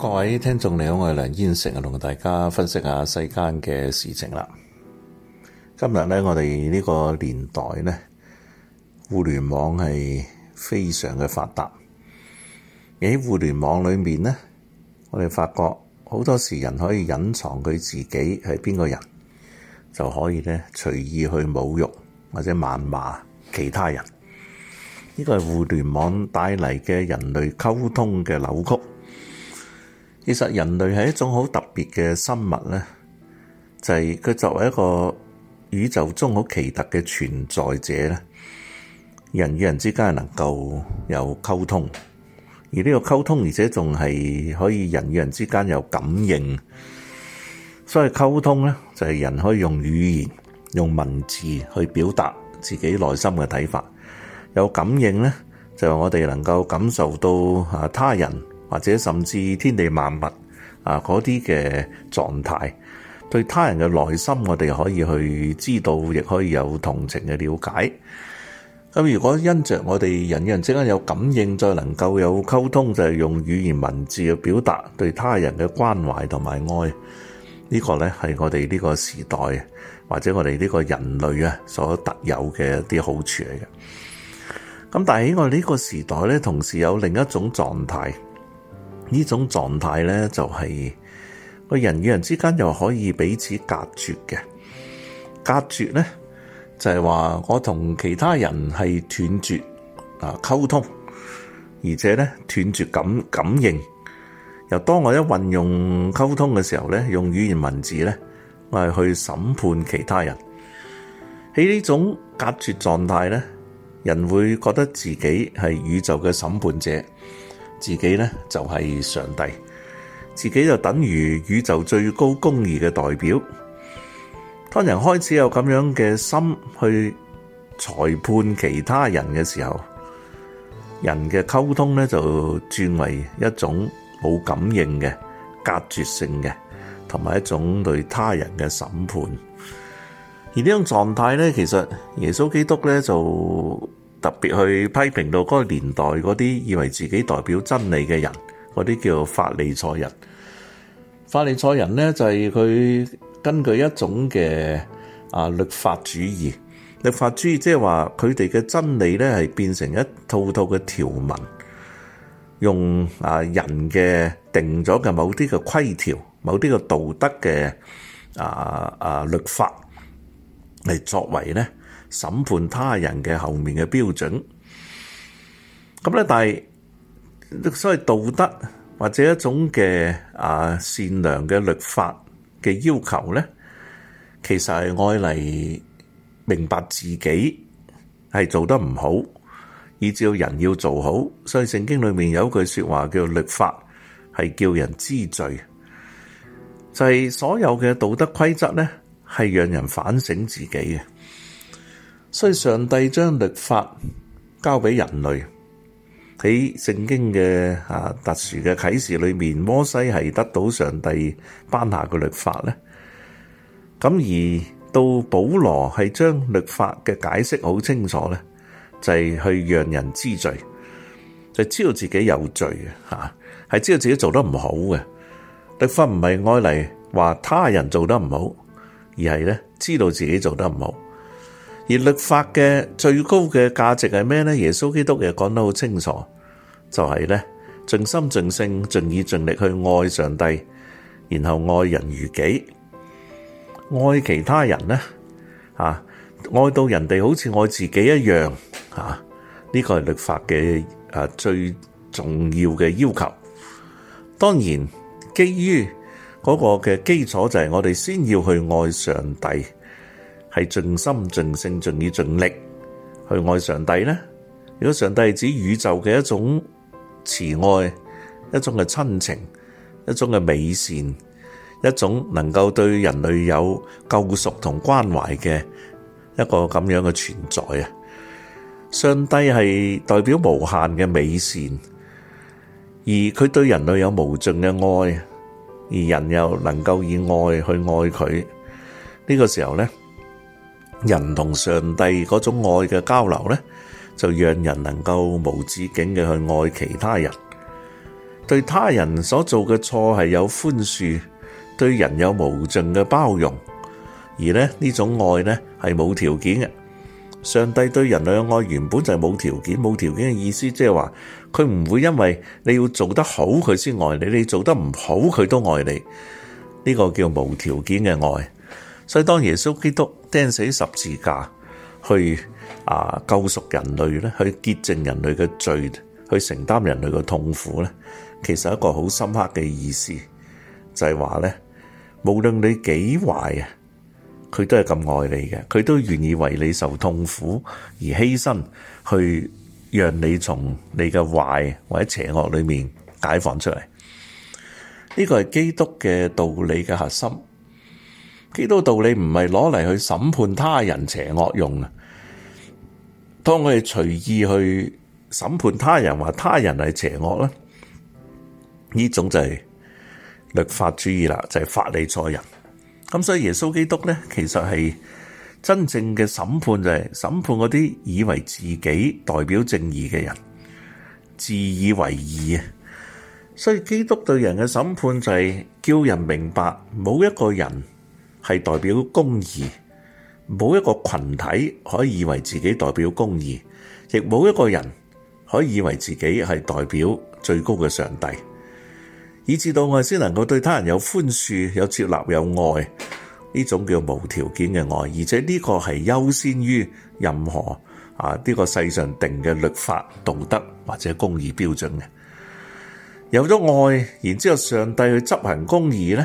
各位聽眾你好，我係梁燕城啊，同大家分析下世間嘅事情啦。今日咧，我哋呢個年代咧，互聯網係非常嘅發達。喺互聯網裏面咧，我哋發覺好多時人可以隱藏佢自己係邊個人，就可以咧隨意去侮辱或者謾罵，罵其他人。呢、呢個係互聯網帶嚟嘅人類溝通嘅扭曲。其實人類係一種好特別嘅生物咧，就係佢作為一個宇宙中好奇特嘅存在者咧，人與人之間能夠有溝通，而呢個溝通而且仲係可以人與人之間有感應。所以溝通咧就係人可以用語言、用文字去表達自己內心嘅睇法，有感應咧就係我哋能夠感受到啊他人。或者甚至天地萬物啊，嗰啲嘅狀態對他人嘅內心，我哋可以去知道，亦可以有同情嘅了解。咁如果因着我哋人與人之間有感應，再能夠有溝通，就係用語言文字去表達對他人嘅關懷同埋愛。呢個咧係我哋呢個時代或者我哋呢個人類啊所特有嘅一啲好處嚟嘅。咁但係喺我哋呢個時代咧，同時有另一種狀態。呢種狀態咧，就係個人與人之間又可以彼此隔絕嘅。隔絕咧，就係話我同其他人係斷絕啊溝通，而且咧斷絕感感應。又當我一運用溝通嘅時候咧，用語言文字咧，我係去審判其他人。喺呢種隔絕狀態咧，人會覺得自己係宇宙嘅審判者，自己呢，就係上帝，自己就等於宇宙最高公義嘅代表。當人開始有咁樣嘅心去裁判其他人嘅時候，人嘅溝通呢，就轉為一種冇感應嘅隔絕性嘅，同埋一種對他人嘅審判。而呢種狀態呢，其實耶穌基督呢，就。特別去批評到嗰個年代嗰啲以為自己代表真理嘅人，嗰啲叫法利賽人。法利賽人呢，就係佢根據一種嘅啊律法主義，律法主義即係話佢哋嘅真理呢，係變成一套套嘅條文，用啊人嘅定咗嘅某啲嘅規條、某啲嘅道德嘅啊啊律法嚟作為呢，審判他人嘅後面嘅標準咁咧，但係所謂道德或者一種嘅啊善良嘅律法嘅要求咧，其實係愛嚟明白自己係做得唔好，以至人要做好。所以聖經裡面有一句説話叫律法係叫人知罪，就係所有嘅道德規則咧係讓人反省自己嘅。所以上帝將律法交俾人類，喺聖經嘅啊特殊嘅啟示裏面，摩西係得到上帝頒下嘅律法咧。咁而到保羅係將律法嘅解釋好清楚咧，就係、是、去讓人知罪，就係知道自己有罪嘅吓，係知道自己做得唔好嘅。律法唔係愛嚟話他人做得唔好，而係咧知道自己做得唔好。而律法嘅最高嘅價值係咩咧？耶穌基督又講得好清楚，就係咧盡心盡性盡意盡力去愛上帝，然後愛人如己，愛其他人咧，啊，愛到人哋好似愛自己一樣，啊，呢個係律法嘅啊最重要嘅要求。當然，基於嗰個嘅基礎就係我哋先要去愛上帝。係盡心、盡性、盡意、盡力去愛上帝咧。如果上帝係指宇宙嘅一種慈愛，一種嘅親情，一種嘅美善，一種能夠對人類有救贖同關懷嘅一個咁樣嘅存在啊。上帝係代表無限嘅美善，而佢對人類有無盡嘅愛，而人又能夠以愛去愛佢呢個時候呢。人同上帝嗰種愛嘅交流呢，就讓人能夠無止境嘅去愛其他人，對他人所做嘅錯係有寬恕，對人有無盡嘅包容，而呢呢種愛呢，係冇條件嘅。上帝對人類嘅愛原本就係冇條件，冇條件嘅意思即係話，佢唔會因為你要做得好佢先愛你，你做得唔好佢都愛你。呢、這個叫無條件嘅愛。所以當耶穌基督釘死十字架去啊救贖人類咧，去潔淨人類嘅罪，去承擔人類嘅痛苦咧，其實係一個好深刻嘅意思就係話咧，無論你幾壞啊，佢都係咁愛你嘅，佢都願意為你受痛苦而犧牲，去讓你從你嘅壞或者邪惡裏面解放出嚟。呢個係基督嘅道理嘅核心。基督道理唔係攞嚟去審判他人邪惡用啊。當我哋隨意去審判他人，話他人係邪惡啦，呢種就係律法主義啦，就係、是、法利賽人。咁所以耶穌基督咧，其實係真正嘅審判就係、是、審判嗰啲以為自己代表正義嘅人，自以為義啊。所以基督對人嘅審判就係、是、叫人明白，冇一個人。係代表公義，冇一個群體可以以為自己代表公義，亦冇一個人可以以為自己係代表最高嘅上帝，以至到我哋先能夠對他人有寬恕、有接納、有愛，呢種叫無條件嘅愛，而且呢個係優先於任何啊呢個世上定嘅律法、道德或者公義標準嘅。有咗愛，然之後上帝去執行公義咧。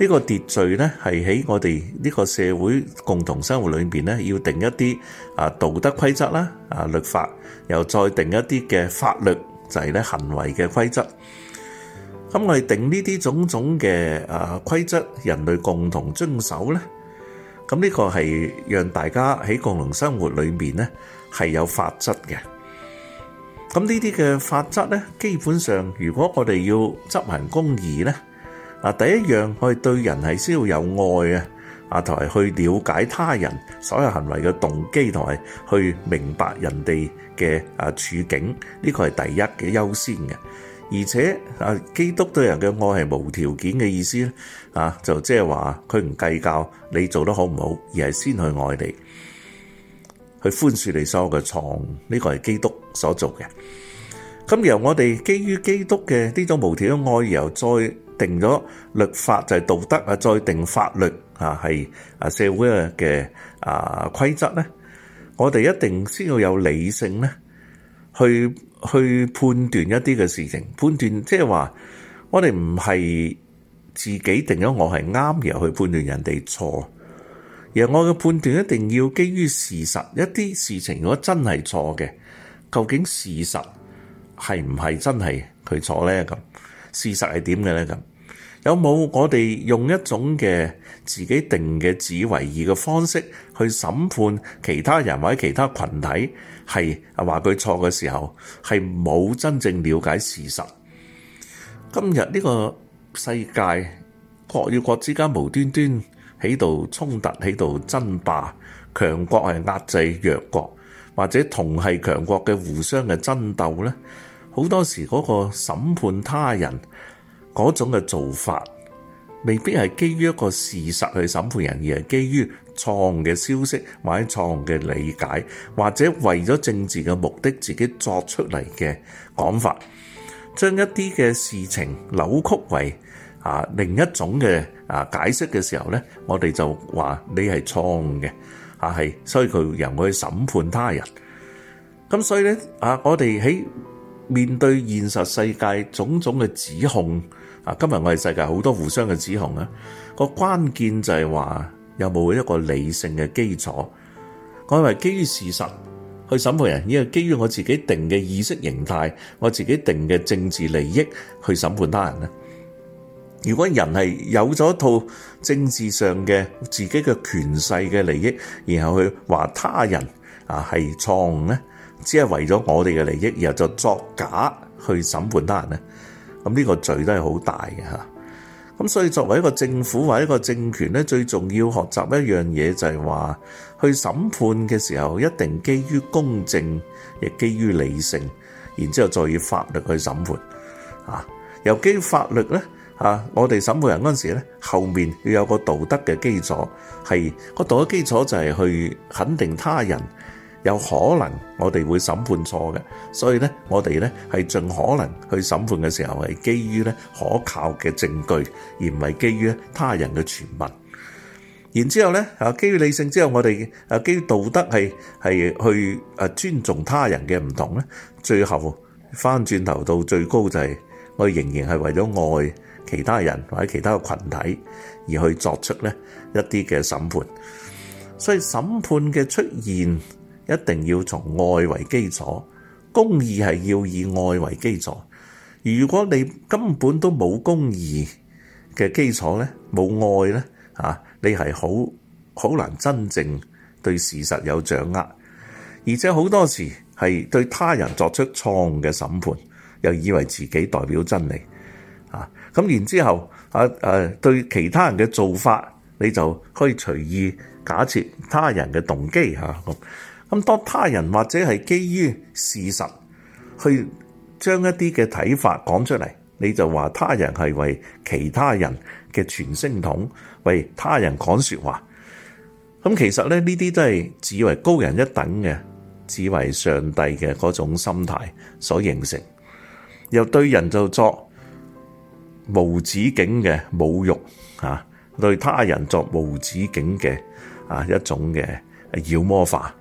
呢個秩序呢，係喺我哋呢個社會共同生活裏面呢，要定一啲啊道德規則啦，啊律法，又再定一啲嘅法律，就係呢行為嘅規則。咁我哋定呢啲種種嘅啊規則，人類共同遵守呢，咁呢個係讓大家喺共同生活裏面呢，係有法則嘅。咁呢啲嘅法則呢，基本上如果我哋要執行公義呢。啊！第一樣，我哋對人係需要有愛嘅，啊，同埋去了解他人所有行為嘅動機，同埋去明白人哋嘅啊處境，呢個係第一嘅優先嘅。而且啊，基督對人嘅愛係無條件嘅意思咧，啊，就即係話佢唔計較你做得好唔好，而係先去愛你，去寬恕你所有嘅錯。呢個係基督所做嘅。咁由我哋基於基督嘅呢種無條件愛，然後再～定咗律法就係道德啊，再定法律啊，係啊社會嘅啊規則咧。我哋一定先要有理性咧，去去判斷一啲嘅事情，判斷即係話我哋唔係自己定咗我係啱，而去判斷人哋錯。而我嘅判斷一定要基於事實，一啲事情如果真係錯嘅，究竟事實係唔係真係佢錯咧？咁事實係點嘅咧？咁有冇我哋用一種嘅自己定嘅自為義嘅方式去審判其他人或者其他群體，係話佢錯嘅時候，係冇真正了解事實？今日呢個世界，國與國之間無端端喺度衝突，喺度爭霸，強國係壓制弱國，或者同係強國嘅互相嘅爭鬥呢，好多時嗰個審判他人。嗰種嘅做法，未必係基於一個事實去審判人，而係基於錯誤嘅消息，或者錯誤嘅理解，或者為咗政治嘅目的自己作出嚟嘅講法，將一啲嘅事情扭曲為啊另一種嘅啊解釋嘅時候咧，我哋就話你係錯誤嘅啊係，所以佢又會去審判他人。咁所以咧啊，我哋喺面對現實世界種種嘅指控，啊，今日我哋世界好多互相嘅指控啊，個關鍵就係話有冇一個理性嘅基礎？我以為基於事實去審判人，因為基於我自己定嘅意識形態、我自己定嘅政治利益去審判他人呢。如果人係有咗一套政治上嘅自己嘅權勢嘅利益，然後去話他人啊係錯誤只係為咗我哋嘅利益，然後就作假去審判他人咧，咁、這、呢個罪都係好大嘅嚇。咁所以作為一個政府或者一個政權咧，最重要學習一樣嘢就係話，去審判嘅時候一定基於公正，亦基於理性，然之後再以法律去審判。啊，由基於法律咧，啊，我哋審判人嗰陣時咧，後面要有個道德嘅基礎，係個道德基礎就係去肯定他人。有可能我哋會審判錯嘅，所以咧，我哋咧係盡可能去審判嘅時候係基於咧可靠嘅證據，而唔係基於他人嘅傳聞。然之後咧啊，基於理性之後，我哋啊基於道德係係去啊尊重他人嘅唔同咧。最後返轉頭到最高就係我仍然係為咗愛其他人或者其他嘅群體而去作出咧一啲嘅審判。所以審判嘅出現，一定要從愛為基礎，公義係要以愛為基礎。如果你根本都冇公義嘅基礎，呢冇愛呢？啊，你係好好難真正對事實有掌握，而且好多時係對他人作出錯誤嘅審判，又以為自己代表真理啊。咁然之後啊，誒對其他人嘅做法，你就可以隨意假設他人嘅動機嚇咁。咁當他人或者係基於事實去將一啲嘅睇法講出嚟，你就話他人係為其他人嘅傳聲筒，為他人講說話。咁其實咧，呢啲都係自為高人一等嘅，自為上帝嘅嗰種心態所形成，又對人就作無止境嘅侮辱啊，對他人作無止境嘅啊一種嘅妖魔化。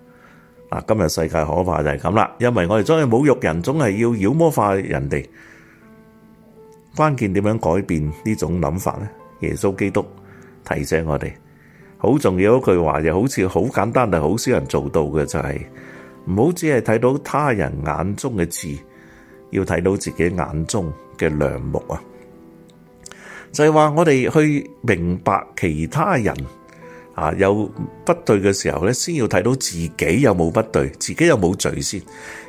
今日世界可怕就係咁啦，因為我哋中意侮辱人，總係要妖魔化人哋。關鍵點樣改變呢種諗法咧？耶穌基督提醒我哋，好重要一句話，又好似好簡單，但好少人做到嘅就係，唔好只係睇到他人眼中嘅字，要睇到自己眼中嘅梁木啊！就係話我哋去明白其他人。啊，有不對嘅時候咧，先要睇到自己有冇不對，自己有冇罪先。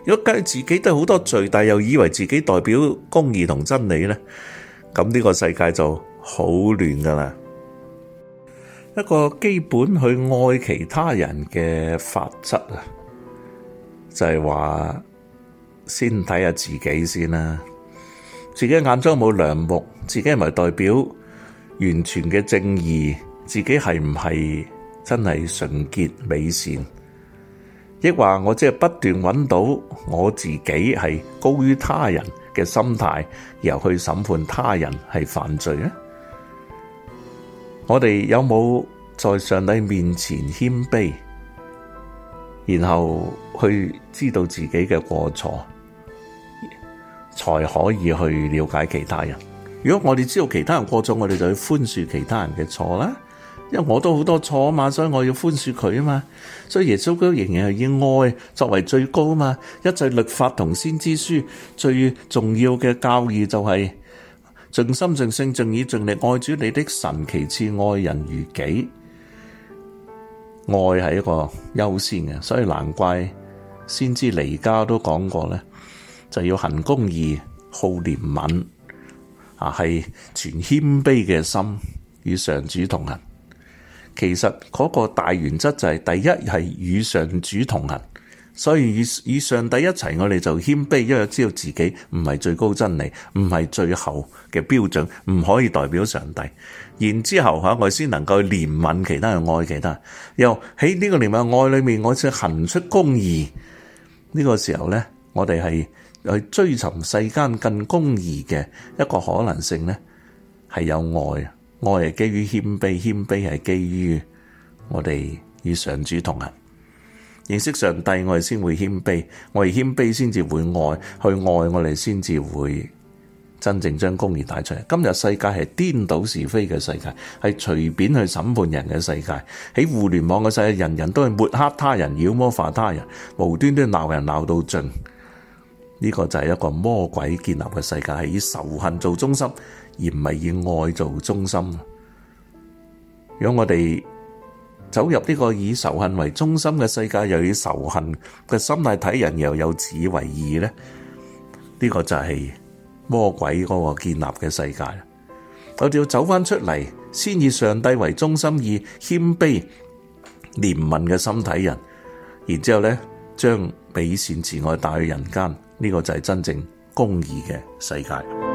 如果計自己都好多罪，但又以為自己代表公義同真理咧，咁呢個世界就好亂噶啦。一個基本去愛其他人嘅法則啊，就係話先睇下自己先啦。自己眼中冇梁木，自己係咪代表完全嘅正義？自己係唔係真係純潔美善，亦話我只係不斷揾到我自己係高於他人嘅心態，然後去審判他人係犯罪咧？我哋有冇在上帝面前謙卑，然後去知道自己嘅過錯，才可以去了解其他人？如果我哋知道其他人過錯，我哋就去寬恕其他人嘅錯啦。因為我都好多錯啊嘛，所以我要寬恕佢啊嘛。所以耶穌都仍然係以愛作為最高啊嘛。一切律法同先知書最重要嘅教義就係、是、盡心、盡性、盡意、盡力愛主你的神，其次愛人如己。愛係一個優先嘅，所以難怪先知彌迦都講過咧，就要行公義、好憐憫啊，係全謙卑嘅心與上主同行。其實嗰個大原則就係第一係與上主同行，所以與上帝一齊，我哋就謙卑，因為知道自己唔係最高真理，唔係最後嘅標準，唔可以代表上帝。然之後嚇，我先能夠憐憫其他人，愛其他人。又喺呢個憐憫愛裏面，我先行出公義。呢個時候呢，我哋係去追尋世間更公義嘅一個可能性呢係有愛啊！愛係基於謙卑，謙卑係基於我哋與上主同行。認識上帝，我哋先會謙卑；我哋謙卑，先至會愛。去愛我哋，先至會真正將公義帶出來。今日世界係顛倒是非嘅世界，係隨便去審判人嘅世界。喺互聯網嘅世界，人人都係抹黑他人、妖魔化他人、無端端鬧人鬧到盡。呢個就係一個魔鬼建立嘅世界，係以仇恨做中心。而唔係以愛做中心。如果我哋走入呢個以仇恨為中心嘅世界，又以仇恨嘅心態睇人，又有自以為義咧，呢個就係魔鬼嗰個建立嘅世界。我哋要走翻出嚟，先以上帝為中心，以謙卑、憐憫嘅心睇人，然之後咧，將美善、慈愛帶去人間，呢個就係真正公義嘅世界。